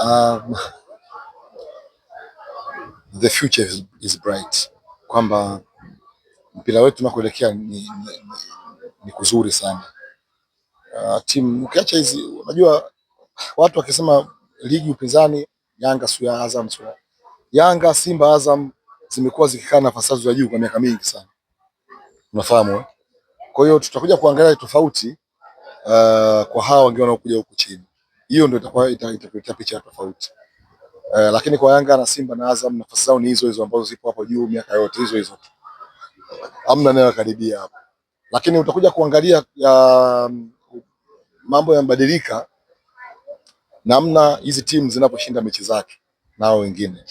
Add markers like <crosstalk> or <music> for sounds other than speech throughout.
Um, the future is, is bright, kwamba mpira wetu tunakoelekea ni, ni, ni kuzuri sana. Uh, timu ukiacha hizi, unajua watu wakisema ligi upinzani, Yanga sio ya Azam sio Yanga, Simba, Azam zimekuwa zikikaa nafasi za juu kwa miaka mingi sana, unafahamu. Eh? Kwa hiyo tutakuja kuangalia tofauti uh, kwa hawa wengine wanaokuja huku chini hiyo ndio itakuwa itakuletea picha ya tofauti. Uh, lakini kwa Yanga na Simba na Azam nafasi zao ni hizo hizo ambazo zipo hapo juu miaka yote hizo hizo tu, hamna neno karibia hapo. Lakini utakuja kuangalia ya, mambo yanabadilika namna hizi timu zinaposhinda mechi zake nao wengine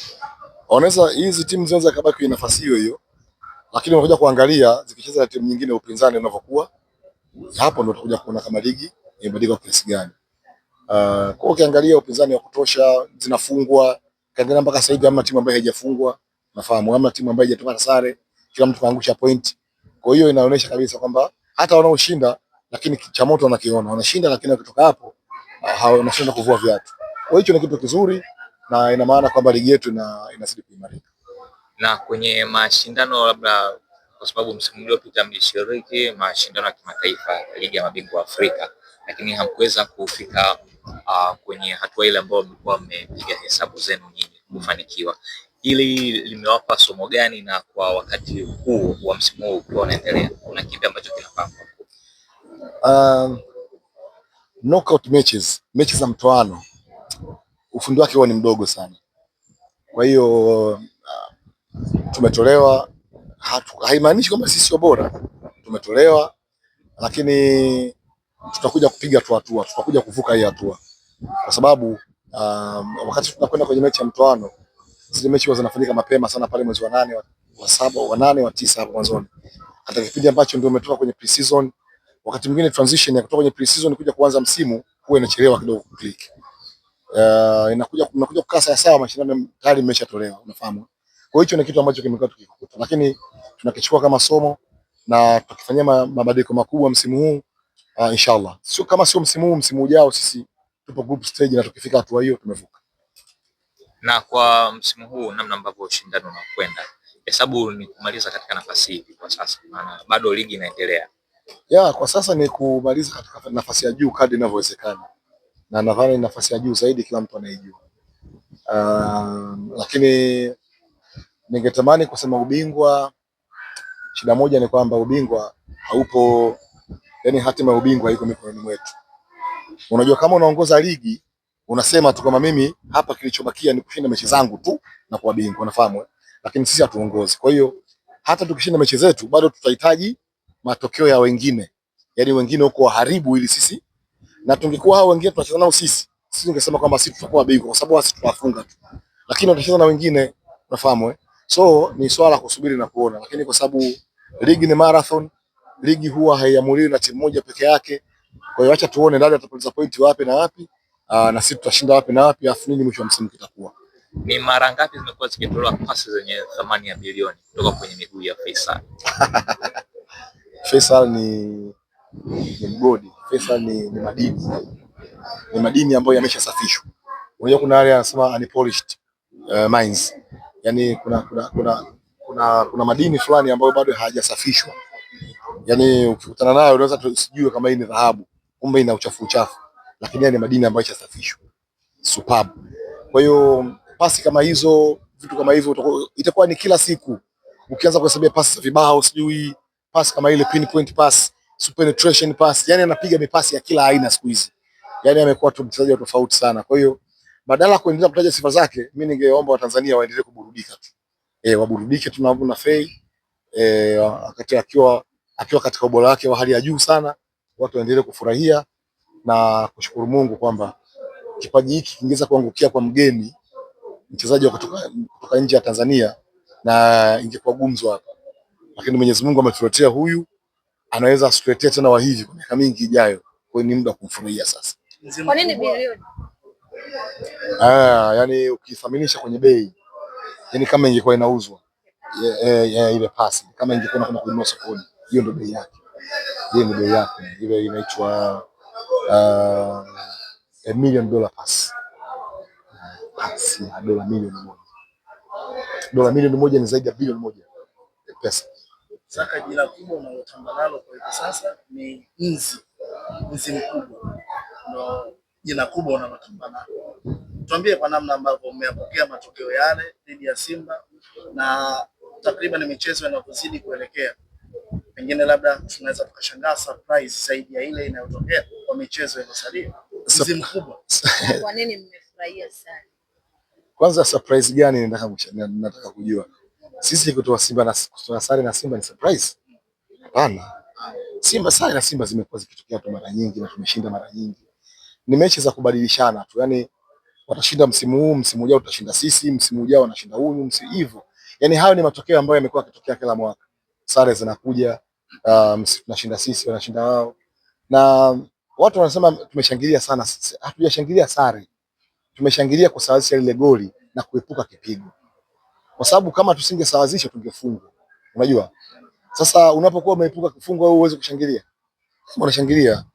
wanaweza, hizi timu zinaweza kabaki kwenye nafasi hiyo hiyo, lakini unakuja kuangalia zikicheza na timu nyingine upinzani unavyokuwa, hapo ndio utakuja kuona kama ligi imebadilika kiasi gani. Uh, kwa ukiangalia upinzani wa kutosha, zinafungwa kaangalia mpaka sasa hivi, hamna timu ambayo haijafungwa, nafahamu hamna timu ambayo haijatoka sare, kila mtu kaangusha point. Kwa hiyo inaonyesha kabisa kwamba hata wanaoshinda lakini cha moto wanakiona, wanashinda lakini wakitoka hapo uh, wanashinda kuvua viatu. Kwa hiyo ni kitu kizuri na ina maana kwamba ligi yetu inazidi kuimarika. Na kwenye mashindano labda kwa sababu msimu uliopita mlishiriki mashindano ya kimataifa ligi ya mabingwa Afrika, lakini hamkuweza kufika uh, kwenye hatua ile ambayo mlikuwa mmepiga hesabu zenu nyinyi kufanikiwa. Hili limewapa somo gani, na kwa wakati huu wa msimu huu ukiwa unaendelea, kuna kipi ambacho kinapangwa? Um, knockout matches, mechi za mtoano, ufundi wake huwa ni mdogo sana, kwa hiyo uh, tumetolewa haimaanishi kwamba sisi sio bora, tumetolewa lakini tutakuja kupiga tu hatua, tutakuja kuvuka hii hatua, kwa sababu um, wakati tunakwenda kwenye mechi ya mtoano, zile mechi huwa zinafanyika mapema sana pale mwezi wa nane wa, saba wa nane wa tisa hapo mwanzoni, hata kipindi ambacho ndio umetoka kwenye pre-season. Wakati mwingine transition ya kutoka kwenye pre-season kuja kuanza msimu huwa inachelewa kidogo click uh, inakuja inakuja kukaa sawa sawa, mashindano tayari mmeshatolewa, unafahamu. Kwa hicho ni kitu ambacho kimekuwa tukikuta, lakini tunakichukua kama somo na tukifanyia mabadiliko makubwa msimu huu uh, inshallah sio kama sio msimu huu, msimu ujao sisi tupo group stage, na tukifika hatua hiyo tumevuka. Na kwa msimu huu namna ambavyo ushindani unakwenda, hesabu ni kumaliza katika nafasi hii kwa sasa, maana bado ligi inaendelea. Ya, kwa sasa ni kumaliza katika nafasi ya juu kadri inavyowezekana, na nadhani nafasi ya juu zaidi kila mtu anaijua. Uh, lakini ningetamani kusema ubingwa, shida moja ni kwamba ubingwa haupo yani hatima ya ubingwa iko mikononi mwetu. Unajua, kama unaongoza ligi unasema tu kama mimi hapa kilichobakia ni kushinda mechi zangu tu na kuwa bingwa, unafahamu, eh? lakini sisi hatuongozi. Kwa hiyo hata tukishinda mechi zetu bado tutahitaji matokeo ya wengine, yani wengine huko waharibu, ili sisi na tungekuwa hao wengine tunacheza nao sisi, sisi tungesema kwamba sisi tutakuwa bingwa kwa sababu sisi tunafunga tu, lakini watacheza na wengine, unafahamu. Eh? So ni swala kusubiri na kuona, lakini kwa sababu ligi ni marathon ligi huwa haiamuliwi na timu moja peke yake. Kwa hiyo acha tuone Dada atapoteza pointi wapi na wapi, ah, na sisi tutashinda wapi na wapi, afu nini mwisho wa msimu kitakuwa ni mara ngapi zimekuwa zikitolewa pasi zenye thamani ya bilioni kutoka kwenye miguu ya Faisal? <laughs> Faisal ni, ni mgodi. Faisal ni, ni madini ni madini ambayo yameshasafishwa. Unajua kuna wale wanasema unpolished uh, mines, Yaani kuna, kuna, kuna, kuna, kuna madini fulani ambayo bado hayajasafishwa yani ukikutana nayo unaweza usijue kama hii ni dhahabu, kumbe ina uchafu uchafu, lakini ni madini ambayo yashasafishwa. Superb. Kwa hiyo pasi kama hizo, vitu kama hivyo itakuwa ni kila siku. Ukianza kuhesabia pasi za vibao, sijui pasi kama ile pinpoint pass, super penetration pass, yani anapiga mipasi ya kila aina siku hizi. Yani amekuwa tu mchezaji wa tofauti sana. Kwa hiyo badala ya kuendelea kutaja sifa zake, mimi ningeomba Watanzania waendelee kuburudika tu. Eh, waburudike tu na Fei eh, wakati akiwa akiwa katika ubora wake wa hali ya juu sana. Watu waendelee kufurahia na kushukuru Mungu kwamba kipaji hiki kingeza kuangukia kwa mgeni, mchezaji wa kutoka, kutoka nje ya Tanzania na ingekuwa gumzo hapa, lakini Mwenyezi Mungu ametuletea huyu, anaweza asituletee tena wa hivi kwa miaka mingi ijayo. Kwa hiyo ni muda wa kumfurahia sasa. Kwa nini bilioni? Ah, yani ukithaminisha kwenye bei, yani kama ingekuwa inauzwa yeah, yeah, yeah, ile pasi kama ingekuwa kuna kununua sokoni hiyo ndio bei yake, hiyo ndio bei yake. Ile inaitwa uh, a million dollar pass, pass ya dola milioni moja. Dola milioni moja ni zaidi ya bilioni moja pesa. Saka jina kubwa unalotamba nalo kwa hivi sasa ni nzi, nzi mkubwa ndio jina kubwa unalotamba nalo. Tuambie kwa namna ambavyo umeyapokea matokeo yale dhidi ya Simba na takriban michezo inavyozidi kuelekea pengine labda tunaweza tukashangaa surprise zaidi ya ile inayotokea kwa michezo iliyosalia msimu mkubwa. <laughs> Kwa nini mmefurahia sana? Kwanza surprise gani nataka kujua. Sisi kutoa Simba na kutoa sare na Simba ni surprise? Hapana. Simba sare na Simba zimekuwa zikitokea tu mara nyingi na tumeshinda mara nyingi. Ni mechi za kubadilishana tu. Yaani watashinda msimu huu, msimu ujao tutashinda sisi, msimu ujao wanashinda huyu, msimu hivyo. Yaani hayo ni matokeo ambayo yamekuwa yakitokea kila mwaka. Sare zinakuja, um, tunashinda sisi, wanashinda wao, na watu wanasema tumeshangilia sana. Hatujashangilia sare, tumeshangilia kusawazisha lile goli na kuepuka kipigo, kwa sababu kama tusingesawazisha tungefungwa. Unajua, sasa unapokuwa umeepuka kufungwa wewe uweze kushangilia, kama unashangilia,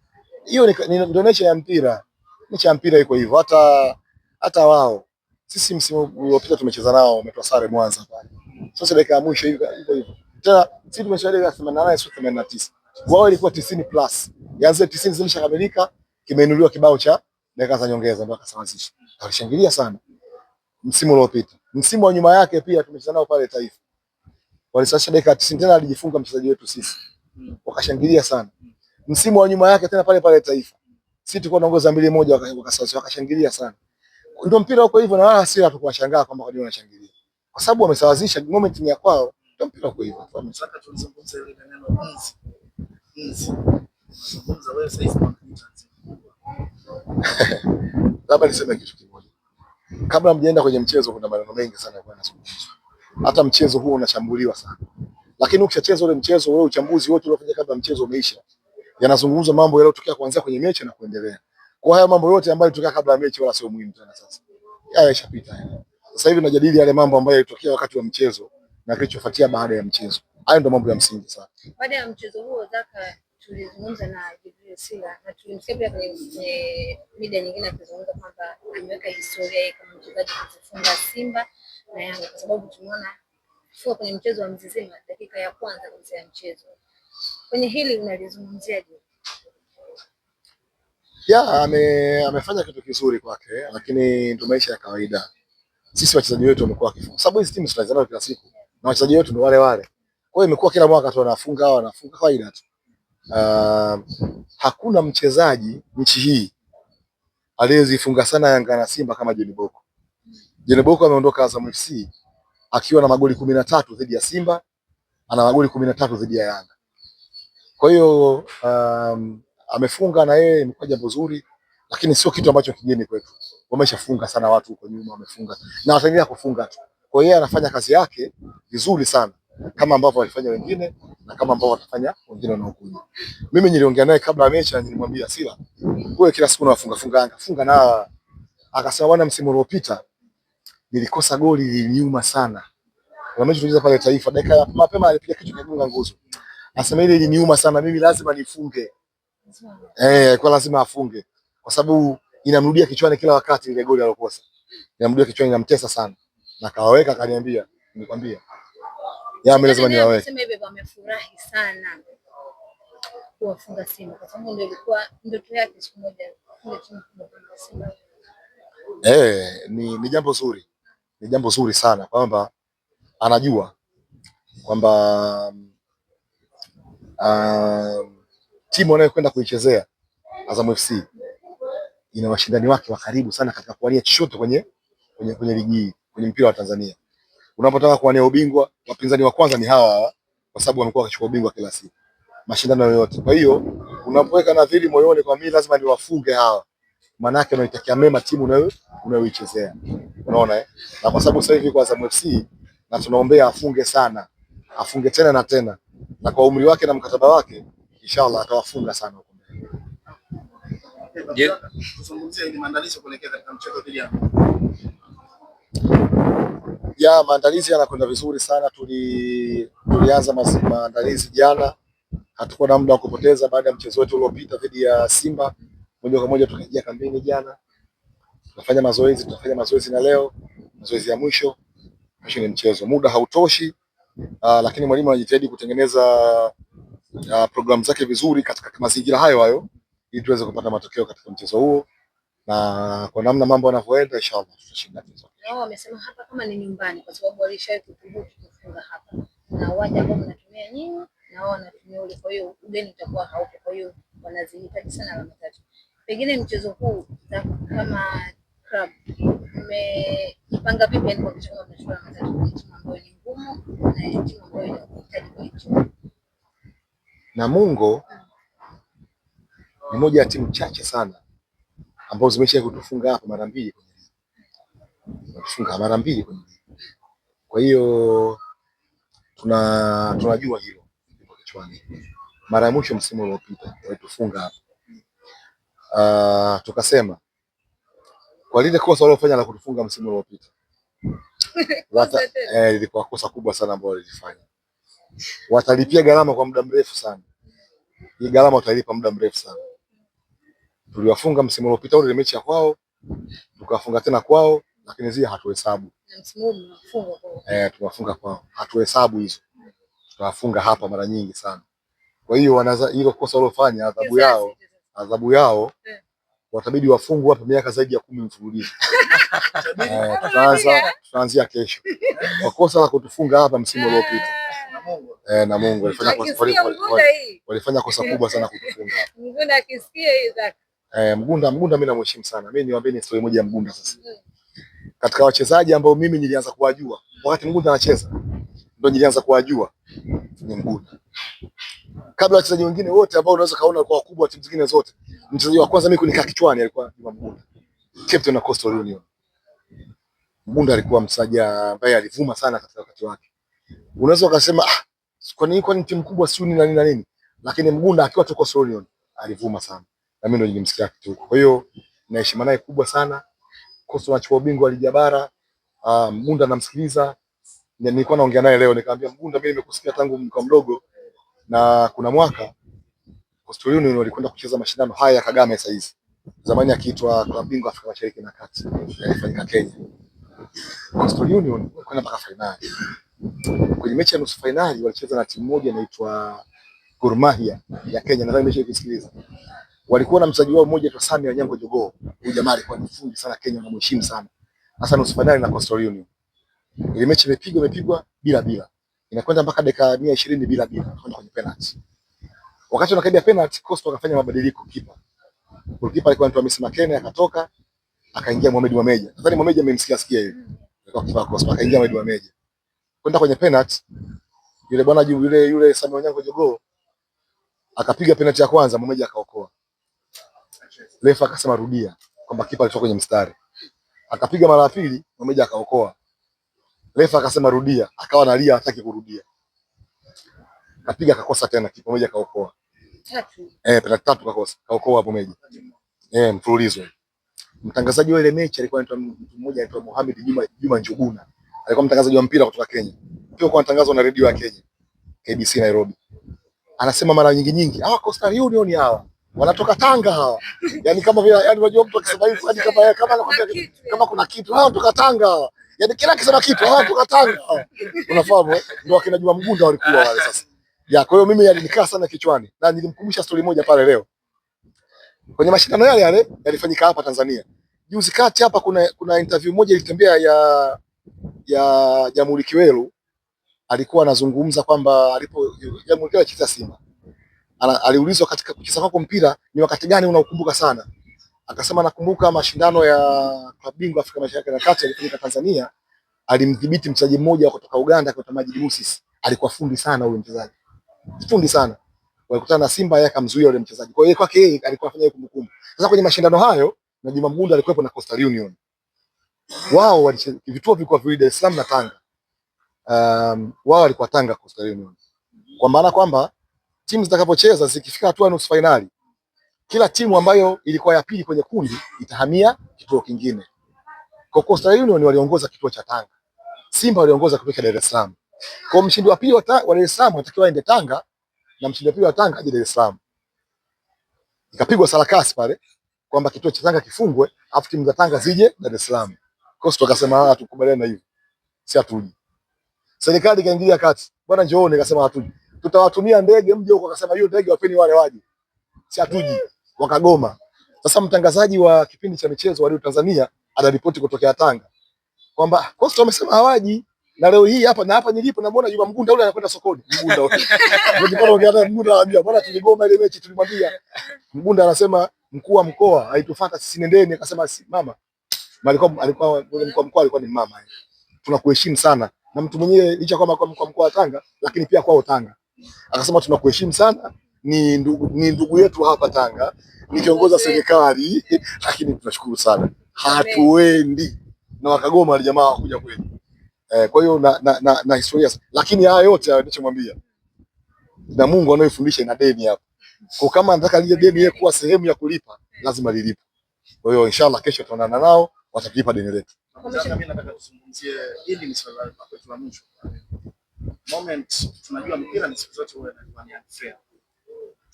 hiyo ndio nature ya mpira. Nature ya mpira iko hivyo. Hata hata wao sisi msimu uliopita tumecheza nao, umetoa sare Mwanza pale, sasa dakika ya mwisho hivyo hivyo ta sisi tumeshauri 88 89, wao ilikuwa 90 plus, yaani 90 zimeshakamilika, kimeinuliwa kibao cha dakika za nyongeza Alishangilia sana msimu uliopita, msimu wa nyuma yake pia tumecheza nao pale Taifa, walisawazisha dakika 90 tena, alijifunga mchezaji wetu sisi, wakashangilia sana. Msimu wa nyuma yake tena pale pale Taifa, sisi tulikuwa tunaongoza mbili moja, wakasawazisha, wakashangilia sana. Ndio mpira uko hivyo, na wala hatukuwashangaa kwamba kwa nini wanashangilia, kwa sababu wamesawazisha, moment ya kwao ndio mpira uko hivyo. Nataka tuzungumze ile neno nzi. Nzi. Tuzungumza wewe sasa hivi kwa <laughs> labda niseme kitu kimoja. Kabla mjaenda kwenye mchezo, kuna maneno mengi sana yalikuwa yanazungumzwa. Hata mchezo huo unachambuliwa sana, lakini ukishacheza ule mchezo, wewe uchambuzi wote uliofanya kabla mchezo umeisha, yanazungumzwa mambo yaliyotokea kuanzia kwenye mechi na kuendelea. Kwa haya mambo yote ambayo yalitokea kabla ya mechi wala sio muhimu tena, sasa haya yashapita. Sasa hivi tunajadili yale mambo ambayo yalitokea wakati wa mchezo na kilichofuatia baada ya mchezo. Hayo ndio mambo ya msingi sana. Baada ya mchezo huo Zaka, tulizungumza na Gabriel Sila na tulimsikia pia kwenye media nyingine akizungumza kwamba ameweka historia yake kama mchezaji kufunga Simba na Yanga kwa sababu tumeona kufua kwenye mchezo wa Mzizima dakika ya kwanza kabisa ya mchezo. Kwenye hili unalizungumziaje? Ya, ame, amefanya kitu kizuri kwake, lakini ndio maisha ya kawaida. Sisi wachezaji wetu wamekuwa wakifunga, sababu hizi timu tunazana kila siku na wachezaji wetu ndo wale wale. Kwa hiyo imekuwa kila mwaka tu wanafunga hao wanafunga kawaida tu. Uh, hakuna mchezaji nchi hii aliyezifunga sana Yanga na Simba kama John Boko. John Boko ameondoka Azam FC akiwa na magoli kumi na tatu dhidi ya Simba, ana magoli kumi na tatu dhidi ya Yanga. Kwa hiyo um, amefunga na yeye imekuwa jambo zuri, lakini sio kitu ambacho kigeni kwetu. Wameshafunga sana watu huko nyuma, wamefunga na wataendelea kufunga tu. Kwa hiyo anafanya kazi yake vizuri sana kama ambavyo walifanya wengine na kama ambavyo watafanya wengine wanaokuja. Mimi niliongea naye kabla ya mechi, nilimwambia Sila, wewe kila siku unafunga funga anga funga na. Akasema bwana, msimu uliopita nilikosa goli liliniuma sana. Na mechi tulicheza pale Taifa, dakika ya mapema alipiga kichwa kikagonga nguzo. Anasema ile iliniuma sana, mimi lazima nifunge. Eh, kwa lazima afunge kwa sababu inamrudia kichwani kila wakati ile goli alokosa. Inamrudia kichwani, inamtesa sana na kawaweka, kaniambia, nikwambia, ya mimi lazima yaani niwaweke. Sema hivi wamefurahi sana kuwafunga Simba kwa sababu ndio ilikuwa ndoto yake siku moja. kwa Eh, ni, ni jambo zuri, ni jambo zuri sana kwamba anajua kwamba uh, timu anayokwenda kuichezea Azam FC ina washindani wake wa karibu sana katika kuwania chochote kwenye, kwenye, kwenye ligi hii kwenye mpira wa Tanzania. Unapotaka kuwania ubingwa, wapinzani wa kwanza ni hawa, kwa sababu wamekuwa wakichukua ubingwa kila siku mashindano yoyote. Kwa hiyo unapoweka na vili moyoni, kwa mimi lazima niwafunge hawa, manake unaitakia mema timu unayo unayoichezea, unaona eh. Na kwa sababu sasa hivi kwa Azam FC na tunaombea afunge sana, afunge tena na tena, na kwa umri wake na mkataba wake, inshallah atawafunga sana huko mbele. Je, tuzungumzie maandalizi kuelekea katika mchezo dhidi ya ya maandalizi yanakwenda vizuri sana. Tuli, tulianza maandalizi jana, hatukuwa na muda wa kupoteza baada ya mchezo wetu uliopita dhidi ya Simba, moja kwa moja tukaingia kambini jana, tunafanya mazoezi, tunafanya mazoezi na leo mazoezi ya mwisho. Kesho ni mchezo, muda hautoshi. Aa, ah, lakini mwalimu anajitahidi kutengeneza ah, programu zake vizuri katika mazingira hayo hayo ili tuweze kupata matokeo katika mchezo huo, na kwa namna mambo yanavyoenda, inshallah tutashinda mchezo na wao wamesema hapa kama ni nyumbani, kwa sababu walishawahi kuthubutu kufunga hapa na uwanja ambao mnatumia nyinyi na wao wanatumia ule. Kwa hiyo ugeni utakuwa haupo, kwa hiyo wanazihitaji sana alama tatu. Pengine mchezo huu kama club mmepanga vipi, yani kwa kama mnachukua alama tatu kwa timu ambayo ni ngumu na timu ambayo inahitaji pointi. Namungo ni moja ya timu chache sana ambazo zimeshawahi kutufunga hapa mara mbili kwenye Amefunga mara mbili kwenye ligi. Kwa hiyo tuna tunajua hilo kwa kichwani. Mara ya mwisho msimu uliopita walitufunga hapa. Uh, tukasema kwa lile kosa waliofanya la kutufunga msimu uliopita <laughs> Wata, eh, ilikuwa kosa kubwa sana ambao walifanya. Watalipia gharama kwa muda mrefu sana. Hii gharama watalipa muda mrefu sana. Tuliwafunga msimu uliopita, ule mechi ya kwao tukawafunga tena kwao lakini zile hatuhesabu eh, tunafunga kwao, hatuhesabu hizo, tunafunga hapa mara nyingi sana. Kwa hiyo wanaza hilo kosa walofanya, adhabu yao adhabu eh. yao watabidi wafungwe hapa miaka zaidi ya kumi mfululizo. <laughs> Eh, tutaanza <laughs> tutaanzia kesho kwa kosa la kutufunga hapa msimu uliopita. Eh, na Mungu eh, walifanya kosa kubwa sana kutufunga. <laughs> Mgunda akisikia hizo. Eh, Mgunda Mgunda mimi namheshimu sana. Mimi niwaambie story moja ya Mgunda sasa. Mm katika wachezaji ambao mimi nilianza kuwajua wakati Mguta anacheza, ndo nilianza kuwajua ni Mguta. Kabla wachezaji wengine wote ambao unaweza kaona kwa wakubwa timu zingine zote, mchezaji wa kwanza mimi kunikaa kichwani alikuwa Juma Mguta, captain wa Coastal Union. Mguta alikuwa mchezaji ambaye alivuma sana katika wakati wake. Unaweza ukasema ah, kwa nini kwa ni timu kubwa sio ni nani na nini, lakini Mguta akiwa tu Coastal Union alivuma sana, na mimi ndo nilimsikia kitu. Kwa hiyo na heshima naye kubwa sana course wanachukua ubingwa ligi ya bara. Uh, Munda namsikiliza, nilikuwa naongea naye leo nikamwambia Munda, mimi nimekusikia tangu mko mdogo na kuna mwaka Coastal Union walikwenda kucheza mashindano haya ya Kagame sasa hizi. Zamani akiitwa kwa bingwa Afrika Mashariki na Kati, eh, yalifanyika Kenya. Coastal Union walikwenda mpaka finali. Kwenye mechi ya nusu finali walicheza na timu moja inaitwa Gor Mahia ya Kenya, nadhani nimeshaisikiliza walikuwa na mchezaji wao mmoja Sami Anyango Jogoo. Huyu jamaa alikuwa ni fundi sana Kenya, wanamheshimu sana. Hasa nusu finali na Coastal Union. Ile mechi imepigwa imepigwa bila bila. Inakwenda mpaka dakika 120 bila bila kwenda kwenye penalty. Wakati wanakaribia penalty, Coastal wakafanya mabadiliko kipa. Kipa alikuwa anaitwa Messi Makene akatoka, akaingia Mohamed Wameja. Nadhani Mohamed amemsikia sikia hiyo. Alikuwa kipa Coastal, akaingia Mohamed Wameja. Kwenda kwenye penalty, yule bwana yule yule Sami Anyango Jogoo akapiga penalty ya kwanza, Mohamed akaokoa. Refa akasema rudia kwamba kipa alitoka kwenye mstari. Akapiga mara ya pili, mmoja akaokoa. Refa akasema rudia, akawa analia hataki kurudia. Akapiga akakosa tena, kipa mmoja akaokoa. Tatu. Eh, penalti tatu kakosa. Kaokoa hapo mmoja. Eh, mfululizo. Mtangazaji wa ile mechi alikuwa anaitwa mtu mmoja anaitwa Mohamed Juma Juma Njuguna. Alikuwa mtangazaji wa mpira kutoka Kenya. Pia kwa matangazo na redio ya Kenya. KBC Nairobi. Anasema mara nyingi nyingi, hawa ah, Coastal Union hawa wanatoka Tanga hawa, yani kama vile, yani unajua mtu akisema hivi hadi kama yeye kama anakuambia kama kuna kitu, hawa wanatoka Tanga hawa, yani kila akisema kitu, hawa wanatoka Tanga hawa, unafahamu? Eh? Ndio akina Juma Mgunda walikuwa wale. Sasa ya kwa hiyo mimi yalinikaa sana kichwani, na nilimkumbusha story moja pale leo kwenye mashindano yale yale yalifanyika hapa Tanzania juzi kati hapa. Kuna, kuna interview moja ilitembea ya ya Jamhuri Kiwelu, alikuwa anazungumza kwamba alipo Jamhuri Kiwelu Simba aliulizwa katika kucheza kwako mpira ni wakati gani unaokumbuka sana? Akasema nakumbuka mashindano ya klabu bingwa Afrika Mashariki na Kati yalifanyika Tanzania, alimdhibiti mchezaji mmoja kutoka Uganda kwa Majid Musis. Alikuwa fundi sana huyo mchezaji, fundi sana, walikutana na Simba, yeye akamzuia yule mchezaji. Kwa hiyo kwake yeye alikuwa anafanya kumbukumbu. Sasa kwenye mashindano hayo na Juma Mgunda alikuwepo na Coastal Union, wao walicheza, vituo vilikuwa viwili, Dar es Salaam na Tanga. Um, wao walikuwa Tanga Coastal Union, kwa maana kwamba timu zitakapocheza zikifika hatua nusu fainali, kila timu ambayo ilikuwa ya pili kwenye kundi itahamia kituo kingine. Kwa Coastal Union waliongoza kituo cha Tanga, Simba waliongoza kituo cha Dar es Salaam. Kwa mshindi wa pili wa Dar es Salaam atakiwa aende Tanga na mshindi wa pili wa Tanga aje Dar es Salaam. Ikapigwa sarakasi pale kwamba kituo cha Tanga kifungwe, afu timu za Tanga zije Dar es Salaam. Coastal akasema hatukubaliana ah, na hivyo. Si hatuji. Serikali ikaingilia kati. Bwana njooni, akasema hatuji tutawatumia ndege mje huko, akasema hiyo ndege wapeni wale waje, si hatuji, wakagoma. Sasa mtangazaji wa kipindi cha michezo wa Radio Tanzania anaripoti kutokea Tanga kwamba Costa wamesema hawaji, na leo hii hapa na hapa nilipo namuona Juma Mgunda yule anakwenda sokoni. Mgunda ndio ongea Mgunda anambia bwana, tuligoma ile mechi tulimwambia. Mgunda anasema mkuu wa mkoa haitufuata sisi, nendeni. Akasema si mama, alikuwa alikuwa yule mkuu wa mkoa alikuwa ni mama, tunakuheshimu sana na mtu mwenyewe licha kwamba kwa mkoa wa Tanga, lakini pia kwao Tanga akasema tunakuheshimu sana, ni ndugu, ni ndugu yetu hapa Tanga, ni kiongozi wa serikali <laughs> lakini tunashukuru sana, hatuendi na wakagoma wale jamaa wakuja kweli. Eh, kwa hiyo na, na, na, na historia, lakini haya yote anachomwambia na Mungu anayefundisha ina deni hapo, kwa kama anataka lile deni yeye kuwa sehemu ya kulipa lazima lilipe. Kwa hiyo inshallah kesho tutaonana nao watatulipa deni letu. Mimi nataka tuzungumzie hili ni swala la kwetu la mwisho moment tunajua mpira ni siku zote fair.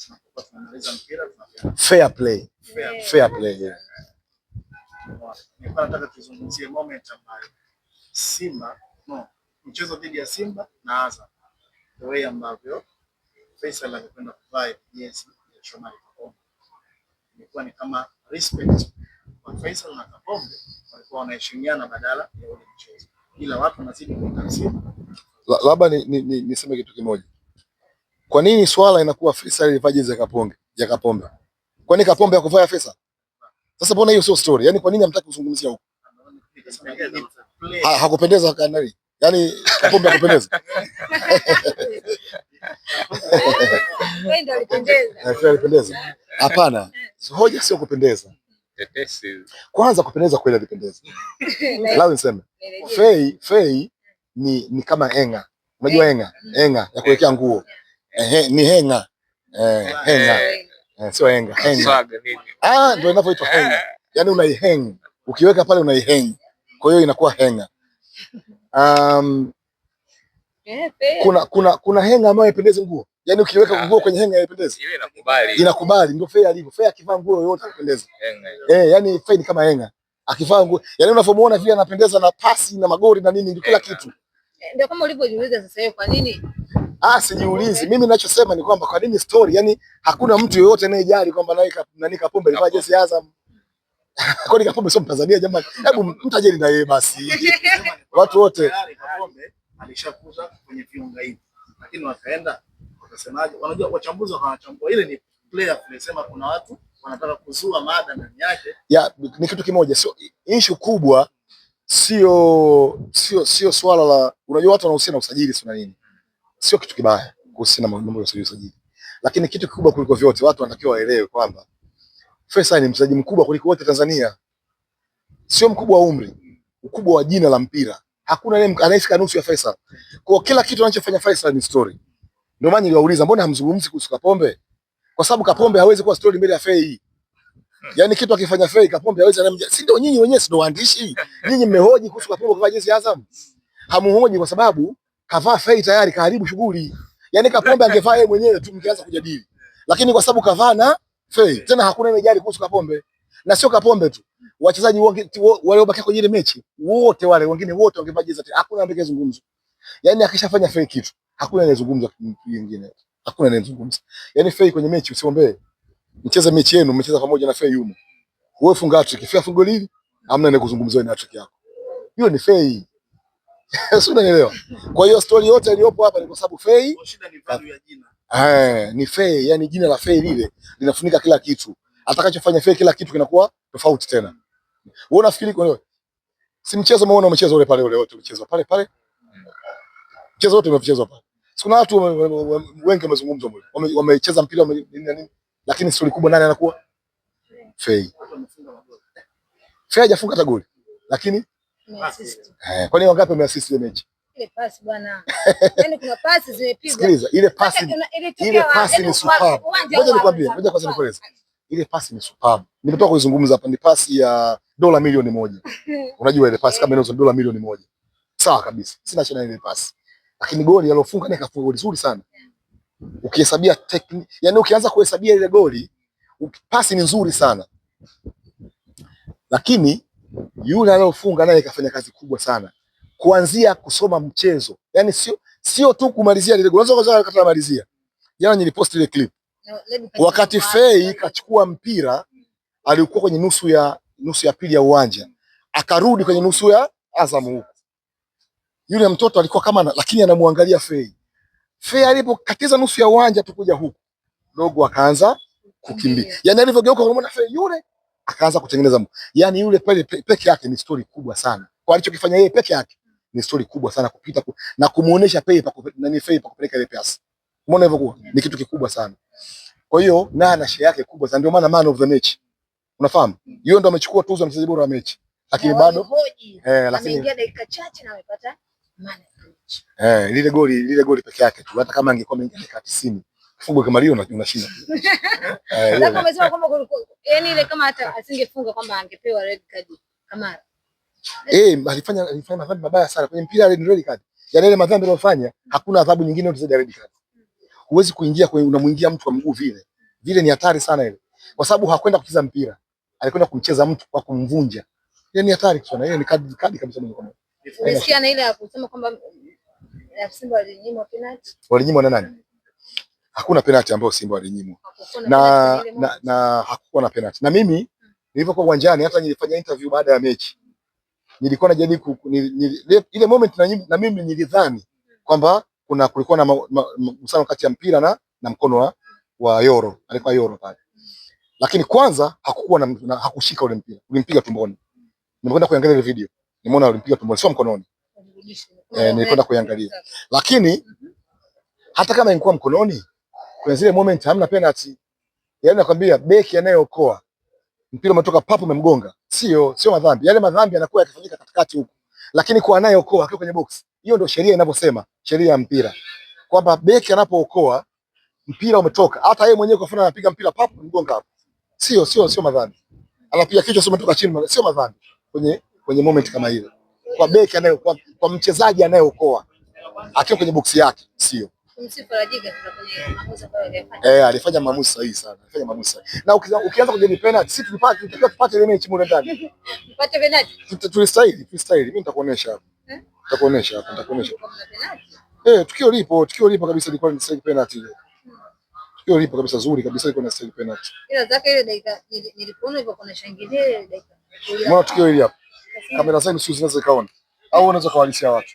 Tunapokuwa tunamaliza mpira tunapeana fair play. Fair play, yeah. Nilikuwa nataka tuzungumzie moment ambayo Simba no, mchezo dhidi ya Simba na Azam the way ambavyo Faisal alikwenda kuvaa jezi ya Shomari Kapombe ilikuwa ni kama respect kwa Faisal na Kapombe, walikuwa wanaheshimiana badala ya ule mchezo, ila watu wanazidi labda ni, ni, ni, ni kitu kimoja. Kwa nini swala inakuwa freestyle ilivaa jezi ya Kapombe ya Kapombe? Kwa nini Kapombe hakuvaa Fesa? Sasa mbona hiyo sio story? Yaani kwa nini hamtaki kuzungumzia huko? Ha, hakupendeza kanari. Yaani Kapombe hakupendeza. Wenda alipendeza. Hapana. Hoja sio kupendeza. Kwanza kupendeza kweli alipendeza. Lao niseme. Fei, Fei ni, ni kama henga, unajua henga, henga ya kuwekea nguo Eh, ni henga eh, eh henga eh. eh, sio henga, henga ah, ndio inavyoitwa eh. henga, yani unaiheng, ukiweka pale unaiheng, kwa hiyo inakuwa henga. Um, kuna kuna kuna henga ambayo haipendezi nguo, yani ukiweka ah. nguo kwenye henga Ile inakubali, inakubali. Ndio fair alivyo Fair akivaa nguo yoyote haipendezi eh, yani fair ni kama henga akivaa nguo, yani unavyomuona vile anapendeza na pasi na magori na nini, ndio kila kitu ndio kama ulivyojiuliza sasa hivi kwa nini? Ah, sijiulizi. Mimi ninachosema ni kwamba kwa nini story, yani hakuna mtu yoyote anayejali kwamba naye nani Kapombe alivaa jezi ya Azam. <laughs> kwa nini Kapombe sio Mtanzania jamani? Hebu mtajeni na yeye basi. <laughs> Watu wote Kapombe alishakuza kwenye viunga hivi. Lakini wakaenda wakasemaje? Wanajua wachambuzi hawachambua ile ni player tunasema kuna watu wanataka kuzua mada ndani yake. Ya, ni kitu kimoja. sio issue kubwa sio sio sio swala la unajua, watu wanahusiana na usajili sio nini, sio kitu kibaya kuhusiana na mambo ya usajili, lakini kitu kikubwa kuliko vyote watu wanatakiwa waelewe kwamba Feisal ni mchezaji mkubwa kuliko wote Tanzania, sio mkubwa wa umri, ukubwa wa jina la mpira. Hakuna yeye anayefika nusu ya Feisal. Kwa kila kitu anachofanya Feisal ni story. Ndio maana niliwauliza, mbona hamzungumzi kuhusu Kapombe? Kwa sababu Kapombe hawezi kuwa story mbele ya Fei. hii Hmm. Yaani kitu akifanya fake Kapombe hawezi anamjia. Si ndio nyinyi wenyewe si ndio waandishi? Nyinyi mmehoji kuhusu Kapombe kwa jinsi Azam. Hamuhoji kwa sababu kavaa fake tayari kaharibu shughuli. Yaani Kapombe angevaa yeye mwenyewe tu mkianza kujadili. Lakini kwa sababu kavaa na fake, tena hakuna anayejali kuhusu Kapombe. Na sio Kapombe tu. Wachezaji wengi waliobaki kwenye ile mechi wote wale wengine wote wangevaa jezi tena. Hakuna ambaye kazungumza. Yaani akishafanya fake kitu, hakuna anayezungumza kingine. Hakuna anayezungumza. Yaani fake kwenye mechi usiombee mcheze mechi yenu, mmecheza pamoja na Fei yumo. Wewe funga hattrick, Fei afunge goli, hamna nene kuzungumzia ni hattrick yako. Hiyo ni Fei. <laughs> Sio, unanielewa? Kwa hiyo story yote iliyopo hapa ni kwa sababu Fei. Shida ni value ya jina. Eh, ni Fei, yani jina la Fei lile linafunika kila kitu. Atakachofanya Fei kila kitu kinakuwa tofauti tena. Wewe unafikiri kwa nini? Si mchezo umeona umecheza ule pale ule wote umecheza pale pale. Mchezo wote umechezwa pale. Kuna watu wengi wamezungumza Wamecheza mpira wamenini nini? lakini stori kubwa nani anakuwa Fei. Fei hajafunga hata goli lakini eh, kwani wangapi wameassist ile mechi? Ile pasi bwana. <laughs> Yaani kuna pasi zimepigwa. ile pasi ile pasi yaani ni superb. Ngoja nikwambie, ngoja kwanza nikueleze. Ile pasi ni superb. Nimetoka kuzungumza hapa ni pasi ya dola milioni moja. <laughs> Unajua ile pasi kama inaweza dola milioni moja. Sawa kabisa. Sina shida na ile pasi. Lakini goli alofunga ni kafunga goli zuri sana ukihesabia tekni, yani ukianza kuhesabia ile goli, pasi ni nzuri sana, lakini yule aliyofunga naye kafanya kazi kubwa sana kuanzia kusoma mchezo, yani sio sio tu kumalizia ile goli. Unaweza kata malizia, jana nilipost ile clip wakati Fei kachukua mpira, alikuwa kwenye nusu ya nusu ya pili ya uwanja, akarudi kwenye nusu ya Azam huko, yule mtoto alikuwa kama, na, lakini anamwangalia Fei Fea alipokatiza nusu ya uwanja tukuja huku, dogo akaanza kukimbia. Yani alivyogeuka kumwona Fea yule akaanza kutengeneza. Yani yule pale pe, peke yake ni story kubwa sana. Kwa alichokifanya yeye peke yake ni story kubwa sana kupita ku, na kumuonesha pei pa na ni fei pa kupeleka ile pesa. Umeona hivyo kwa? Ni kitu kikubwa sana. Kwa hiyo na ana share yake kubwa sana, ndio maana man of the match. Unafahamu? Yeye ndo amechukua tuzo ya mchezaji bora wa mechi. Lakini bado eh, lakini ameingia dakika chache na amepata man of Eh, lile goli lile goli peke yake tu, hata kama angekuwa mengine kwa 90 fungo kama leo unashinda. <laughs> Eh, kama amesema kwamba yani ile kama hata asingefunga kwamba angepewa red card Kamara. Eh, alifanya alifanya madhambi mabaya sana kwenye mpira, red red card. Yaani ile madhambi aliyofanya hakuna adhabu nyingine zaidi ya red card. Huwezi kuingia kwenye unamuingia mtu kwa mguu vile. Vile ni hatari sana ile. Kwa sababu hakwenda kucheza mpira. Alikwenda kumcheza mtu kwa kumvunja. Yaani ni hatari sana. Ile yaani ni kadi kadi kabisa mwenye kwa mwenye. Umesikia na ile ya kusema kwamba Simba walinyimwa penalty. Walinyimwa na nani? Hakuna penalty ambayo Simba walinyimwa. Na na, na hakukuwa na penalty. Na mimi nilipokuwa uwanjani hata nilifanya interview baada ya mechi. Nilikuwa najaribu ile moment na, na mimi nilidhani kwamba kuna kulikuwa na msano kati ya mpira na na mkono wa wa Yoro. Alikuwa Yoro pale. Lakini kwanza hakukuwa na, na hakushika ule mpira. Ulimpiga tumboni. Nimekwenda kuangalia ile video nimeona alimpiga tumbo, sio mkononi eh, oh, nilikwenda kuiangalia, lakini mm-hmm. hata kama ingekuwa mkononi, kuna zile moment hamna penalty. Yaani nakwambia beki anayeokoa mpira umetoka papo umemgonga, sio sio madhambi yale. Madhambi yanakuwa yakifanyika katikati huko, lakini kwa anayeokoa akiwa kwenye box, hiyo ndio sheria inavyosema, sheria ya mpira kwamba beki anapookoa mpira umetoka, hata yeye mwenyewe kwa anapiga mpira papo umemgonga hapo, sio sio sio madhambi, anapiga kichwa, sio umetoka chini, sio madhambi kwenye kwenye moment kama hiyo, kwa beki anaye, kwa, kwa mchezaji anayeokoa akiwa kwenye boksi yake, sio eh, alifanya maamuzi sahihi sana, alifanya maamuzi sahihi. Na ukianza kwenye penalty, sisi tupate tupate tupate ile mechi mbona ndani, <laughs> tupate penalty, tulistahili, tulistahili. Mimi nitakuonesha hapo, eh? nitakuonesha hapo, nitakuonesha eh, tukio lipo, tukio lipo kabisa, ilikuwa ni sahihi penalty ile hiyo lipo kabisa zuri kabisa, iko na penalty. Ila zake ile dakika nilipoona hivyo kuna shangilia dakika. Mwana tukio hili hapa kamera zenu sio zinaweza kaona, au unaweza kuwalishia watu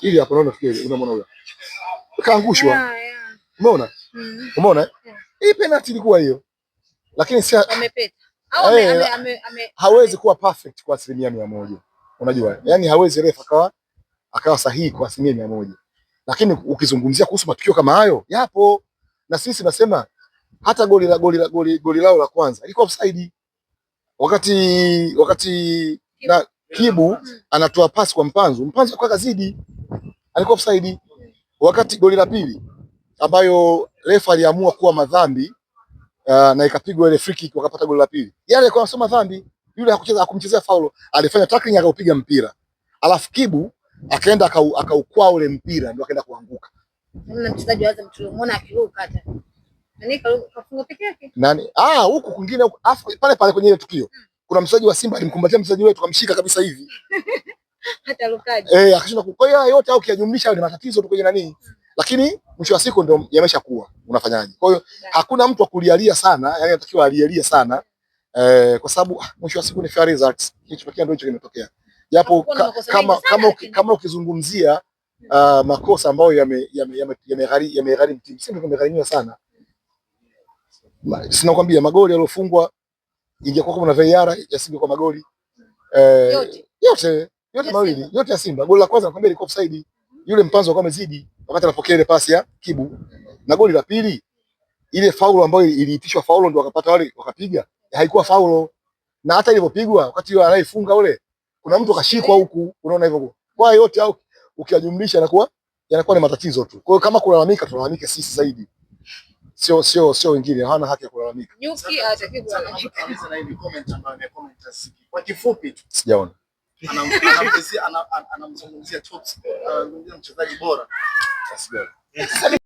ili hapo. naona fikiri, unamwona huyo kaangushwa, umeona? Mm-hmm. Umeona eh? hii penalty ilikuwa hiyo, lakini si amepeta au ame, eh, hawezi kuwa perfect kwa asilimia mia moja. Unajua, yani hawezi refa akawa akawa sahihi kwa asilimia mia moja, lakini ukizungumzia kuhusu matukio kama hayo yapo, na sisi nasema hata goli la goli la goli goli lao la kwanza ilikuwa offside wakati wakati na Kibu anatoa pasi kwa Mpanzu, Mpanzu alikuwa kazidi, alikuwa offside. Wakati goli la pili ambayo refa aliamua kuwa madhambi uh, na ikapigwa ile free kick wakapata goli la pili, yale alikuwa anasoma madhambi, yule hakucheza hakumchezea faulo, alifanya tackling akaupiga mpira, alafu Kibu akaenda akaukwaa ule mpira, ndio akaenda kuanguka. Mchezaji wa Azam tulimuona akiruka hata nani? Ah, huku kwingine huku ah, pale pale kwenye ile tukio hmm. Kuna msaji wa Simba alimkumbatia msaji wetu akamshika kabisa hivi <laughs> eh, akashinda. Kwa yote au kiyajumlisha ni matatizo tu kwenye nani, hmm. lakini mwisho wa siku ndio yameshakuwa, unafanyaje? Kwa hiyo hmm. hakuna mtu akulialia sana, yani anatakiwa alielie sana eh, kwa sababu ah, mwisho wa siku ni fair results, kilichotokea ndio hicho kimetokea, japo kama kama kama, ukizungumzia ah, makosa ambayo yamegharimu yame, yame, yame, yame, yame, yame, yame, yame, yame, yame, sana sina kwambia magoli yalofungwa, ingekuwa kama na VAR yasingekuwa magoli eh, yote yote mawili yote ya Simba. Goli la kwanza nakwambia liko offside, yule mpanzo alikuwa amezidi wakati anapokea ile pasi ya Kibu, na goli la pili ile faulo ambayo iliitishwa faulo ndio wakapata wale wakapiga, haikuwa faulo. Na hata ilipopigwa wakati yule anayefunga ule, kuna mtu kashikwa huku, unaona hivyo. Kwa yote au ukiyajumlisha, yanakuwa yanakuwa ni matatizo tu. Kwa hiyo kama kulalamika, tulalamike sisi zaidi sio sio sio wengine hawana haki ya kulalamika. Nyuki hataki kulalamika. Na hivi comment ambayo amecomment siki. Kwa kifupi tu sijaona. Anamzungumzia top, anamzungumzia mchezaji bora. Sasa